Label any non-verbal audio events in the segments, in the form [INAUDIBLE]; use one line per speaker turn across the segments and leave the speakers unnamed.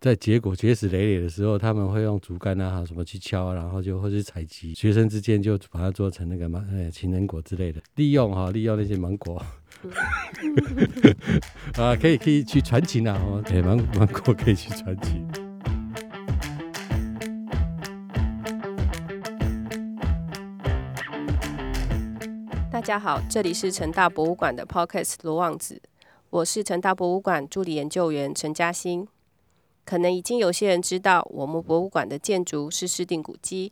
在結果結實累累的時候，他們會用竹竿啊什麼去敲，然後就會去採集。學生之間就把它做成那個芒呃、哎、情人果之類的，利用哈利用那些芒果， [LAUGHS] [LAUGHS] 啊可以可以去傳情吶，哈、欸，芒果芒果可以去傳情。
大家好，這裡是成大博物館的 Podcast 羅望子，我是成大博物館助理研究員陳佳欣。可能已經有些人知道，我們博物館的建築是市定古蹟，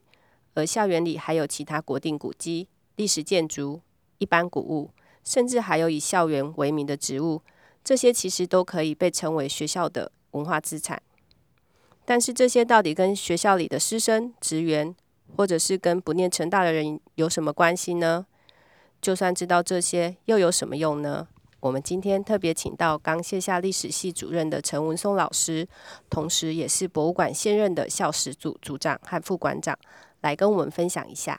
而校園裡還有其他國定古蹟、歷史建築、一般古物，甚至還有以校園為名的植物。這些其實都可以被稱為學校的文化資產。但是這些到底跟學校裡的師生、職員，或者是跟不唸成大的人有什麼關係呢？就算知道這些，又有什麼用呢？我們今天特別請到剛卸下歷史系主任的陳文松老師，同時也是博物館現任的校史組組長和副館長，來跟我們分享一下。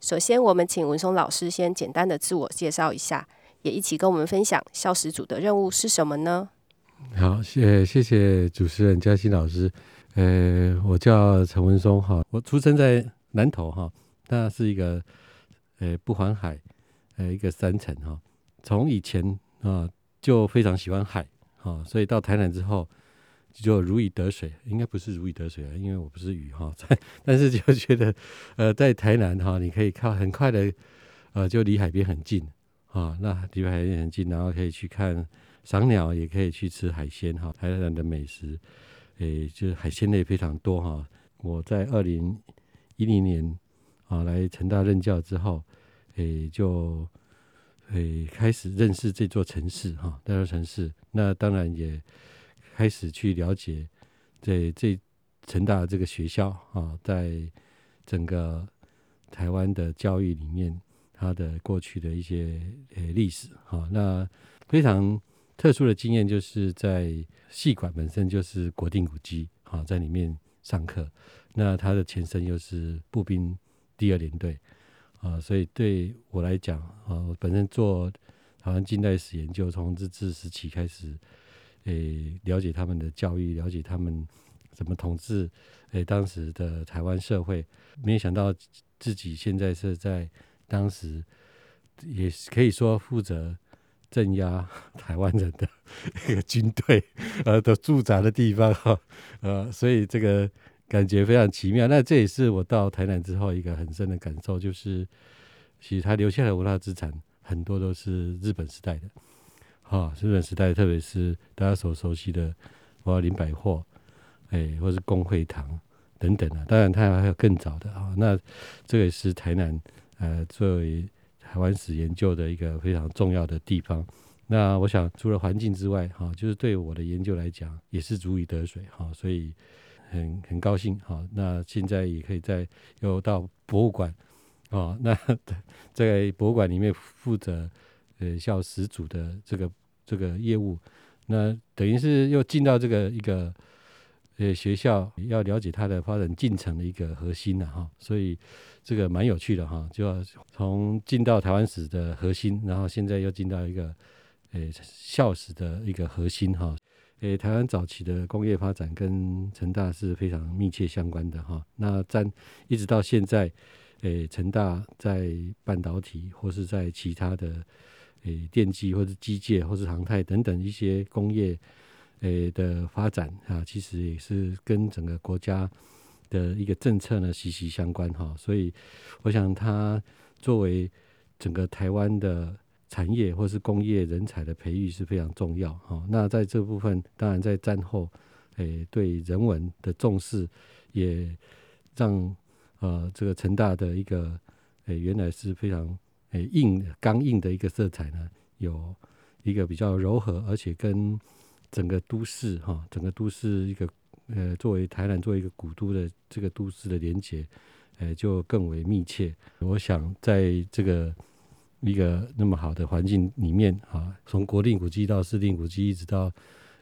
首先，我們請文松老師先簡單的自我介紹一下，也一起跟我們分享校史組的任務是什麼呢？
好，謝謝謝主持人佳欣老師。呃，我叫陳文松哈，我出生在南投哈，那是一個呃不環海呃一個山城哈，從以前。啊、哦，就非常喜歡海啊、哦，所以到台南之後就如魚得水，應該不是如魚得水啊，因為我不是魚哈、哦。但是就覺得，呃，在台南哈、哦，你可以靠很快的，呃，就離海邊很近啊、哦。那離海邊很近，然後可以去看賞鳥，也可以去吃海鮮哈、哦。台南的美食，誒、欸，就是海鮮類非常多哈、哦。我在二零一零年啊來成大任教之後，誒、欸，就。可以開始認識這座城市哈，這座城市。那當然也開始去了解，這這成大的這個學校哈，在整個台灣的教育裡面，它的過去的一些呃歷史哈，那非常特殊的經驗，就是在系館本身就是國定古蹟哈，在裡面上課。那它的前身又是步兵第二聯隊。啊，所以對我來講，啊，我本身做台灣近代史研究，從日治時期開始，誒、欸，了解他們的教育，了解他們怎麼統治，誒、欸，當時的台灣社會，沒想到自己現在是在當時，也可以說負責鎮壓台灣人的一個軍隊，呃，的駐紮的地方哈、啊，呃，所以這個。感覺非常奇妙。那這也是我到台南之後一個很深的感受，就是其實他留下來的文化資產很多都是日本時代的，哈、哦，日本時代，特別是大家所熟悉的，包括林百貨，哎、欸，或是公會堂等等的、啊。當然，它還有更早的哈、哦，那這也是台南呃，作為台灣史研究的一個非常重要的地方。那我想，除了環境之外，哈、哦，就是對我的研究來講，也是如魚得水，哈、哦，所以。很很高興，好，那現在也可以再又到博物館，哦，那對，在博物館裡面負責，呃，校史組的這個這個業務，那等於是又進到這個一個，呃，學校要了解它的發展進程的一個核心了哈，所以這個蠻有趣的哈，就要從進到台灣史的核心，然後現在又進到一個，呃，校史的一個核心哈。誒、欸，臺灣早期的工業發展跟成大是非常密切相關的哈。那占一直到現在，誒、欸，成大在半導體或是在其他的誒、欸、電機或者機械或是航太等等一些工業誒、欸、的發展啊，其實也是跟整個國家的一個政策呢息息相關哈。所以，我想它作為整個臺灣的。產業或是工業人才的培育是非常重要哈。那在這部分，當然在戰後，誒、欸、對人文的重視，也讓呃這個成大的一個誒、欸、原來是非常誒、欸、硬剛硬的一個色彩呢，有一個比較柔和，而且跟整個都市哈，整個都市一個呃作為台南作為一個古都的這個都市的連接，誒、欸、就更為密切。我想在這個。一個那麼好的環境裡面啊，從國定古蹟到市定古蹟，一直到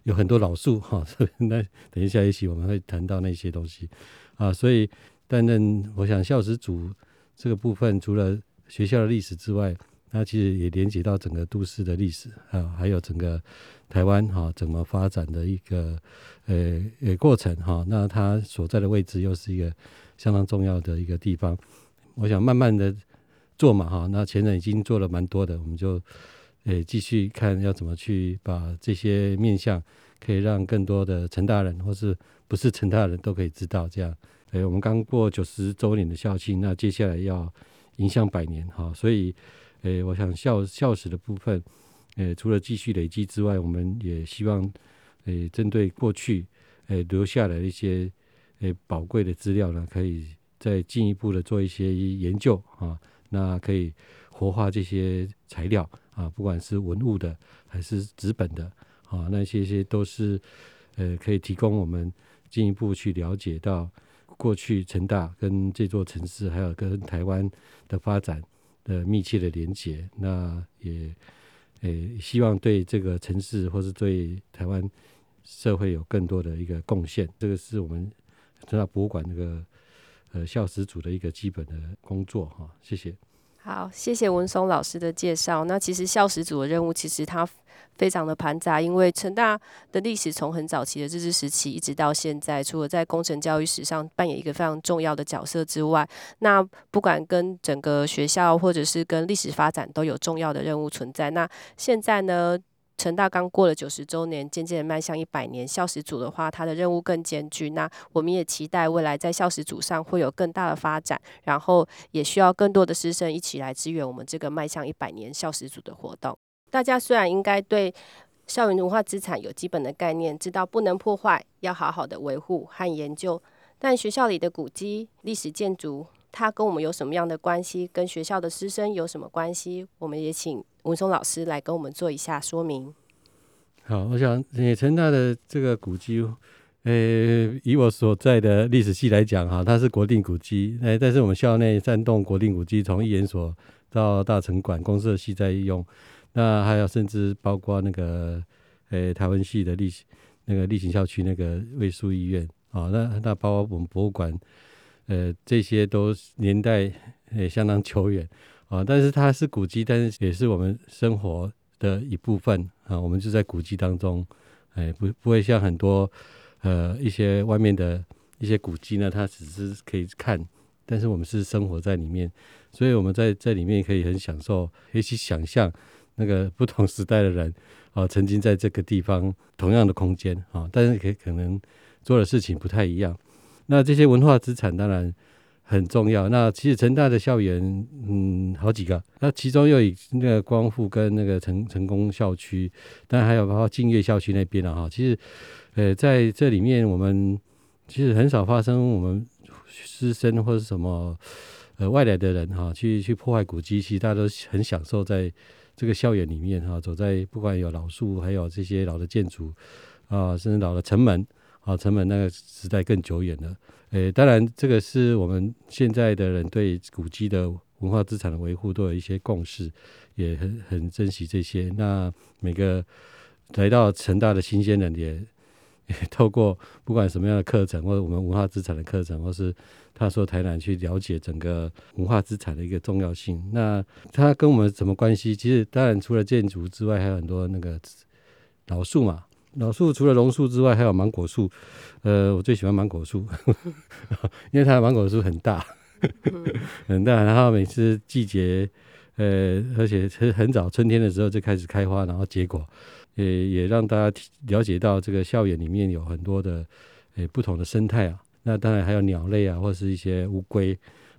有很多老樹哈，啊、那等一下也許我們會談到那些東西啊。所以，擔任我想，校史組這個部分，除了學校的歷史之外，它其實也連接到整個都市的歷史啊，還有整個台灣哈、啊、怎麼發展的一個呃呃過程哈、啊。那它所在的位置又是一個相當重要的一個地方，我想慢慢的。做嘛哈？那前人已經做了蠻多的，我們就誒、呃、繼續看要怎麼去把這些面向可以讓更多的成大人或是不是成大人都可以知道。這樣誒、呃，我們剛過九十周年的校慶，那接下來要迎向百年哈、哦，所以誒、呃，我想校校史的部分誒、呃，除了繼續累積之外，我們也希望誒、呃，針對過去誒、呃、留下來一些誒、呃、寶貴的資料呢，可以再進一步的做一些研究啊。哦那可以活化這些材料啊，不管是文物的還是紙本的啊，那些些都是呃可以提供我們進一步去了解到過去成大跟這座城市還有跟台灣的發展的密切的連結，那也誒、欸、希望對這個城市或是對台灣社會有更多的一個貢獻。這個是我們成大博物館那個。呃，校史組的一個基本的工作哈、啊，謝謝。
好，謝謝文松老師的介紹。那其實校史組的任務其實它非常的繁雜，因為成大的歷史從很早期的日治時期一直到現在，除了在工程教育史上扮演一個非常重要的角色之外，那不管跟整個學校或者是跟歷史發展都有重要的任務存在。那現在呢？成大剛過了九十周年，漸漸邁向一百年。校史組的話，它的任務更艱巨。那我們也期待未來在校史組上會有更大的發展，然後也需要更多的師生一起來支援我們這個邁向一百年校史組的活動。大家雖然應該對校園文化資產有基本的概念，知道不能破壞，要好好的維護和研究，但學校裡的古蹟、歷史建築，它跟我們有什麼樣的關係？跟學校的師生有什麼關係？我們也請。文松老師來跟我們做一下說明。
好，我想，也成大的這個古蹟，呃，以我所在的歷史系來講，哈，它是國定古蹟。誒、呃，但是我們校內三棟國定古蹟，從逸研所到大成館、公社系在用。那還有甚至包括那個，呃，台灣系的歷那個力行校區那個衛戍醫院，哦，那那包括我們博物館，呃，這些都年代呃相當久遠。啊，但是它是古蹟，但是也是我們生活的一部分啊。我們就在古蹟當中，哎，不不會像很多呃一些外面的一些古蹟呢，它只是可以看，但是我們是生活在裡面，所以我們在在裡面可以很享受，可以去想象那個不同時代的人啊，曾經在這個地方同樣的空間啊，但是可可能做的事情不太一樣。那這些文化資產，當然。很重要。那其實成大的校園，嗯，好幾個。那其中又以那個光復跟那個成成功校區，但還有包括敬業校區那邊啊哈。其實，呃，在這裡面我們其實很少發生我們師生或者什麼呃外來的人哈、啊、去去破壞古蹟。其實大家都很享受在這個校園裡面哈、啊，走在不管有老樹，還有這些老的建築啊，甚至老的城門。啊，成本那個時代更久遠了。誒、欸，當然，這個是我們現在的人對古蹟的文化資產的維護都有一些共識，也很很珍惜這些。那每個來到成大的新鮮人也也透過不管什麼樣的課程，或者我們文化資產的課程，或是他說台南去了解整個文化資產的一個重要性。那他跟我們什麼關係？其實當然除了建築之外，還有很多那個老樹嘛。老樹除了榕樹之外，還有芒果樹。呃，我最喜歡芒果樹，因為它的芒果樹很大呵呵，很大。然後每次季節，呃，而且很很早，春天的時候就開始開花，然後結果。也、呃、也讓大家了解到這個校園裡面有很多的、呃，不同的生態啊。那當然還有鳥類啊，或是一些烏龜。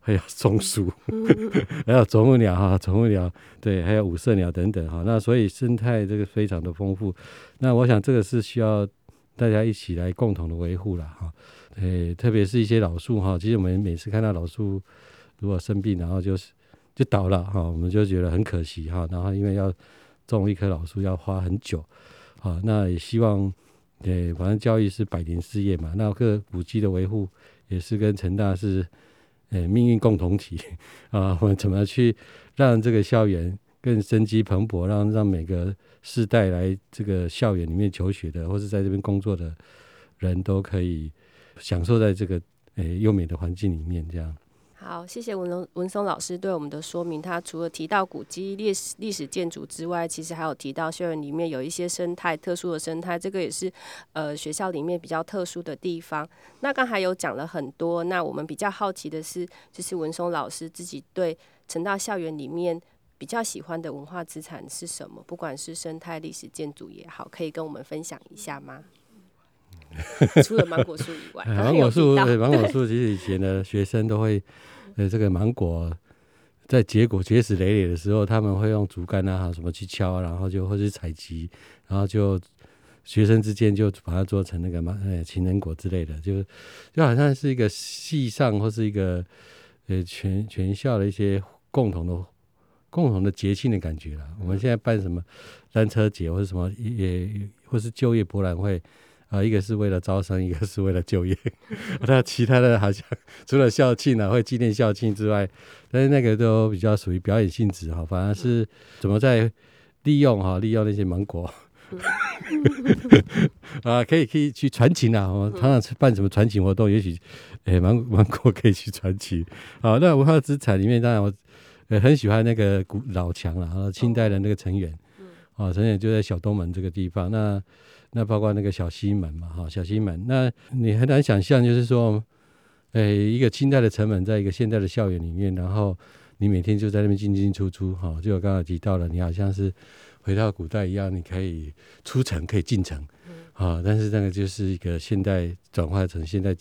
還有松鼠、嗯， [LAUGHS] 還有啄木鳥哈、啊，啄木鳥對，還有五色鳥等等哈。那所以生態這個非常的豐富。那我想這個是需要大家一起來共同的維護了哈。誒，特別是一些老樹哈，其實我們每次看到老樹如果生病，然後就是就倒了哈，我們就覺得很可惜哈。然後因為要種一棵老樹要花很久好，那也希望誒，反正教育是百年事業嘛，那個古蹟的維護也是跟成大是。哎，命運共同體啊！我們怎麼去讓這個校園更生機蓬勃？讓讓每個世代來這個校園裡面求學的，或是在這邊工作的人都可以享受在這個哎優美的環境裡面這樣。
好，謝謝文龍文松老師對我們的說明。他除了提到古蹟、歷史歷史建築之外，其實還有提到校園裡面有一些生態特殊的生態，這個也是呃學校裡面比較特殊的地方。那剛才有講了很多，那我們比較好奇的是，就是文松老師自己對成大校園裡面比較喜歡的文化資產是什麼？不管是生態歷史建築也好，可以跟我們分享一下嗎？
除了芒果樹以外，芒果樹，芒果樹，哎、果其實以前的學生都會，呃、 [LAUGHS] 哎，這個芒果在結果結實累累的時候，他們會用竹竿啊，什麼去敲、啊，然後就會去採集，然後就學生之間就把它做成那個芒，呃、哎，情人果之類的，就是就好像是一個系上或是一個，呃、哎，全全校的一些共同的，共同的節慶的感覺了。我們現在辦什麼單車節或者什麼也，也或是就業博覽會。啊，一個是為了招生，一個是為了就業。那、啊、其他的，好像除了校慶呢、啊，會紀念校慶之外，但是那個都比較屬於表演性質哈。反而是怎麼在利用哈、啊，利用那些芒果 [LAUGHS] [LAUGHS] 啊，可以可以去傳情啊、哦。我們常常辦什麼傳情活動，也許誒、欸，芒芒果可以去傳情。好、啊，那文化資產裡面，當然我、呃、很喜歡那個古老牆了啊，清代的那個城垣。哦啊、哦，城也就在小東門這個地方。那那包括那個小西門嘛，哈、哦，小西門。那你很難想象，就是說，哎、欸，一個清代的城門，在一個現代的校園裡面，然後你每天就在那邊進進出出，哈、哦，就我剛剛提到了，你好像是回到古代一樣，你可以出城，可以進城，啊、嗯哦，但是那個就是一個現代轉化成現在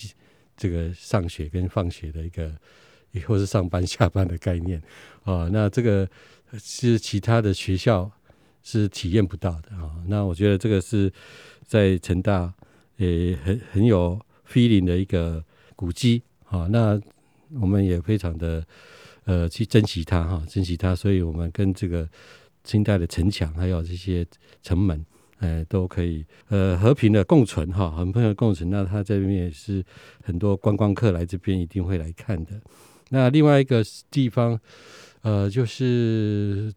這個上學跟放學的一個，或是上班下班的概念，啊、哦，那這個是其他的學校，是體驗不到的啊！那我覺得這個是在成大也很很有 feeling 的一個古蹟啊。那我們也非常的呃去珍惜它哈，珍惜它。所以，我們跟這個清代的城牆，還有這些城門，呃，都可以呃和平的共存哈，和平的共存。那它這邊也是很多觀光客來這邊一定會來看的。那另外一個地方，呃，就是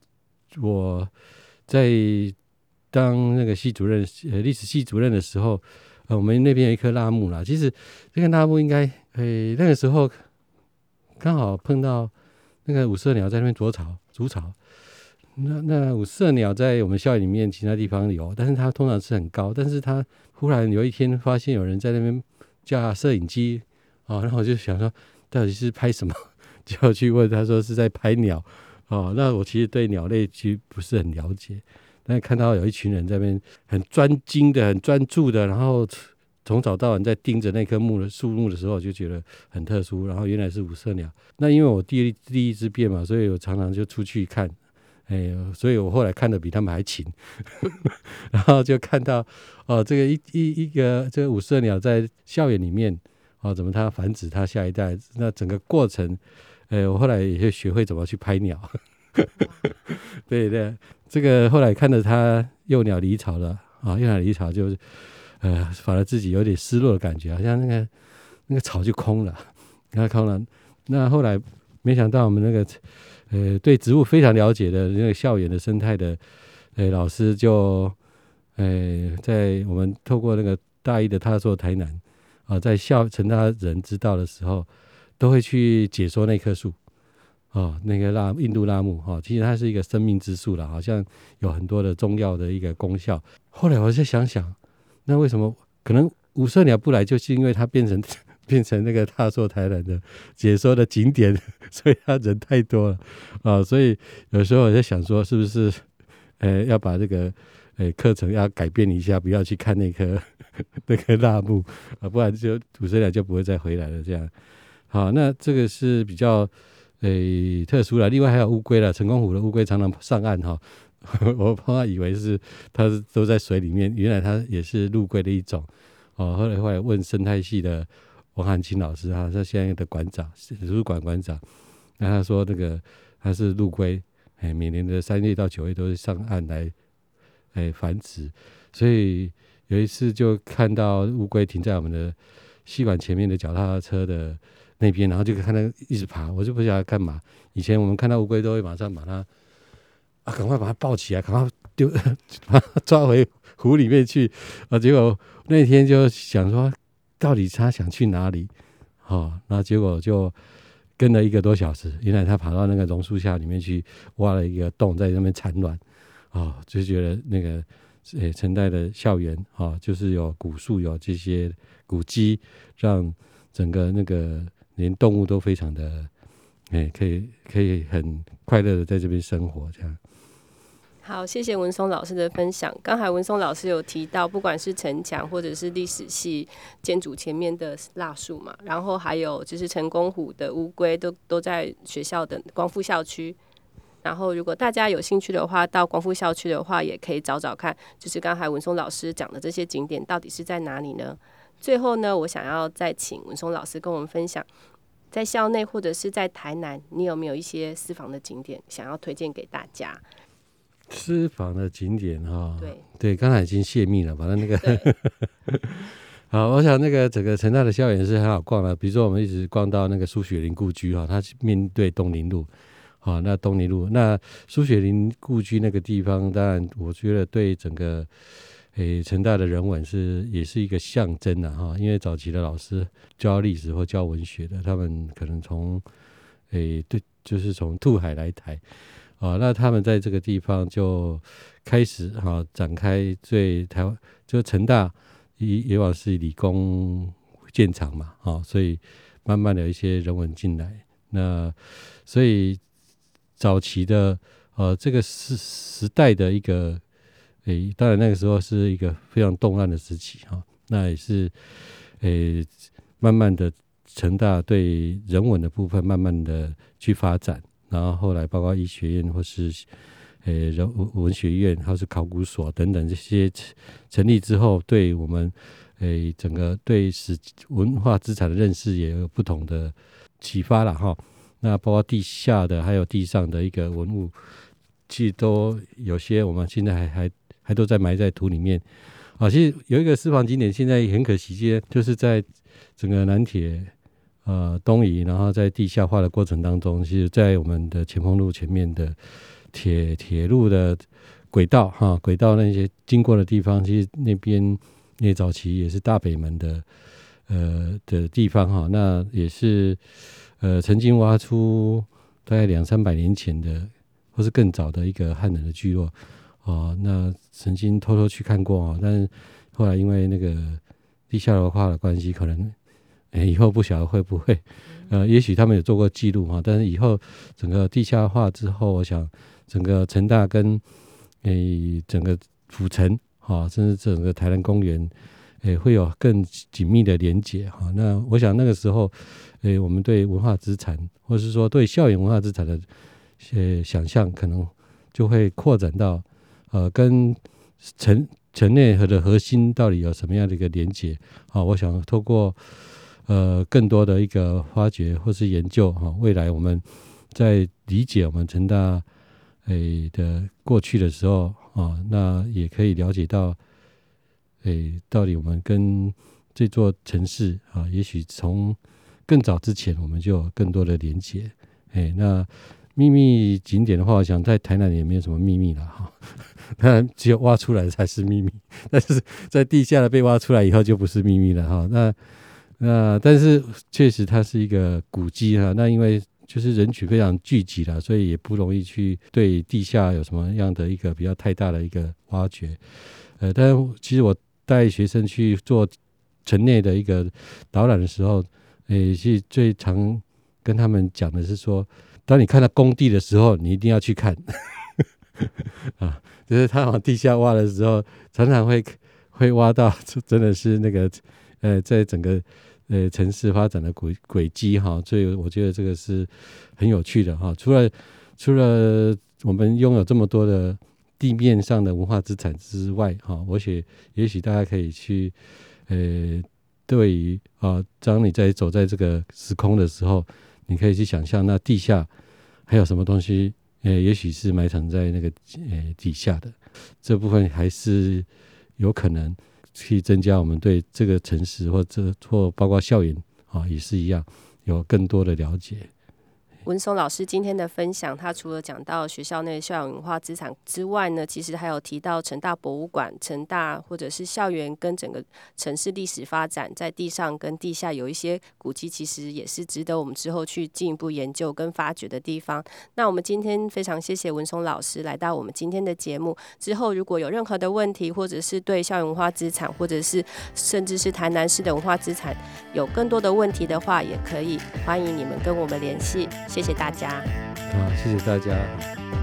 我。在當那個系主任，呃，歷史系主任的時候，呃，我們那邊有一棵辣木啦。其實，這個辣木應該，呃，那個時候剛好碰到那個五色鳥在那邊啄巢、築巢。那那五色鳥在我們校園裡面其他地方有，但是它通常是很高。但是它忽然有一天發現有人在那邊架攝影機，啊、哦，然後我就想說，到底是拍什麼？就要去問他說是在拍鳥。哦，那我其實對鳥類其實不是很了解，但是看到有一群人在那邊很專精的、很專注的，然後從早到晚在盯着那棵辣木的樹木的時候，我就覺得很特殊。然後原來是五色鳥，那因為我第一第一支變嘛，所以我常常就出去看，哎，所以我後來看得比他們還勤， [LAUGHS] 然後就看到哦，這個一一一個這個五色鳥在校園裡面，哦，怎麼它繁殖它下一代？那整個過程。哎、欸，我後來也就學會怎麼去拍鳥。 [LAUGHS] 對對，這個後來看到他幼鳥離巢了啊，幼鳥離巢就是，呃，反而自己有點失落的感覺，好像那個那個巢就空了，然、啊、後空了。那後來沒想到我們那個呃對植物非常了解的那個校園的生態的哎、呃、老師就哎、呃、在我們透過那個大一的踏溯台南啊，在校成大人知道的時候。都會去解說那棵樹哦，那個那印度辣木哈，其實它是一個生命之樹了，好像有很多的重要的一個功效。後來我就想想，那為什麼可能五色鳥不來，就是因為它變成變成那個大受台南的解說的景點，所以它人太多了啊，哦。所以有時候我就想說，是不是呃、欸、要把這個呃課、欸、程要改變一下，不要去看那棵那棵辣木啊，不然就五色鳥就不會再回來了這樣。好，那這個是比較誒、欸、特殊的。另外還有烏龜了，成功湖的烏龜常常上岸哈。我怕以為是它是都在水裡面，原來它也是陸龜的一種哦。後來後來問生態系的王漢卿老師哈，他是現在的館長，圖書館館長，那他說這個他是陸龜，哎、欸，每年的三月到九月都是上岸來誒、欸、繁殖。所以有一次就看到烏龜停在我們的系館前面的腳踏車的。那邊，然後就看它一直爬，我就不曉得幹嘛。以前我們看到烏龜都會馬上把它啊，趕快把它抱起來，趕快丟，把它抓回湖裡面去。啊，結果那天就想說，到底它想去哪裡？好、哦，那結果就跟了一個多小時。原來它跑到那個榕樹下裡面去挖了一個洞，在那邊產卵。啊、哦，就覺得那個呃，成、欸、大的校園啊、哦，就是有古樹，有這些古蹟，讓整個那個。連動物都非常的，哎、欸，可以可以很快樂的在這邊生活，這樣。
好，謝謝文松老師的分享。剛才文松老師有提到，不管是城牆或者是歷史系建築前面的辣木嘛，然後還有就是成功湖的烏龜，都都在學校的光復校區。然後，如果大家有興趣的話，到光復校區的話，也可以找找看，就是剛才文松老師講的這些景點到底是在哪裡呢？最後呢，我想要再請文松老師跟我們分享，在校內或者是在台南，你有沒有一些私房的景點想要推薦給大家？
私房的景點哈、哦，對對，剛才已經泄密了，反正那個呵呵……好，我想那個整個成大的校園是很好逛的，比如說我們一直逛到那個蘇雪林故居，他它面對東寧路，好、哦，那東寧路那蘇雪林故居那個地方，當然我覺得對整個。誒，成大的人文是也是一個象徵的、啊、哈，因為早期的老師教歷史或教文學的，他們可能從誒對，就是從渡海來台啊，那他們在這個地方就開始哈、啊、展開最台灣，就成大以，以往是理工見長嘛，啊，所以慢慢的一些人文進來，那所以早期的呃、啊、這個時時代的一個。誒，當然那個時候是一個非常動亂的時期哈、哦，那也是誒，慢慢的成大對人文的部分慢慢的去發展，然後後來包括醫學院或是誒人文，文學院，或是考古所等等這些成立之後，對我們誒整個對史文化資產的認識也有不同的啟發了哈、哦。那包括地下的還有地上的一個文物，其實都有些我們現在還還。還都在埋在土裡面，啊，其實有一個私房景點，現在很可惜，就是在整個南鐵呃東移，然後在地下化的過程當中，其實，在我們的前鋒路前面的鐵鐵路的軌道哈，軌道那些經過的地方，其實那邊那早期也是大北門的呃的地方哈，那也是呃曾經挖出大概兩三百年前的，或是更早的一個漢人的聚落。哦，那曾經偷偷去看過哦，但是後來因為那個地下文化的關係，可能以後不曉得會不會，呃，也許他們有做過記錄哈。但是以後整個地下化之後，我想整個成大跟誒整個府城，啊，甚至整個台南公園，誒會有更緊密的連接哈、哦。那我想那個時候，誒我們對文化資產，或者是說對校園文化資產的呃想象，可能就會擴展到。呃，跟城城內核的核心到底有什麼樣的一個連接？啊，我想通過呃更多的一個發掘或是研究啊，未來我們在理解我們成大誒、欸、的過去的時候啊，那也可以了解到誒、欸，到底我們跟這座城市啊，也許從更早之前我們就有更多的連接誒、欸，那。秘密景點的話，我想在台南也沒有什麼秘密了哈。當然，只有挖出來才是秘密，但是在地下的被挖出來以後就不是秘密了哈。那那、呃、但是確實它是一個古蹟哈。那因為就是人群非常聚集了，所以也不容易去對地下有什麼樣的一個比較太大的一個挖掘。呃，但其實我帶學生去做城內的一個導覽的時候，呃、欸，是最常跟他們講的是說。當你看到工地的時候，你一定要去看 [LAUGHS] 啊！就是他往地下挖的時候，常常會會挖到，真的是那個呃，在整個呃城市發展的軌軌跡哈。所以我覺得這個是很有趣的哈。除了除了我們擁有這麼多的地面上的文化資產之外哈，我也許，也許大家可以去呃，對於啊，當你在走在這個時空的時候。你可以去想象，那地下還有什麼東西？呃，也許是埋藏在那個呃底下的這部分，還是有可能去增加我們對這個城市或者或包括校園啊，也是一樣，有更多的了解。
文松老師今天的分享，他除了講到學校內校園文化資產之外呢，其實還有提到成大博物館、成大或者是校園跟整個城市歷史發展，在地上跟地下有一些古蹟，其實也是值得我們之後去進一步研究跟發掘的地方。那我們今天非常謝謝文松老師來到我們今天的節目。之後如果有任何的問題，或者是對校園文化資產，或者是甚至是台南市的文化資產，有更多的問題的話，也可以歡迎你們跟我們聯繫。謝謝大
家。啊，謝謝大家。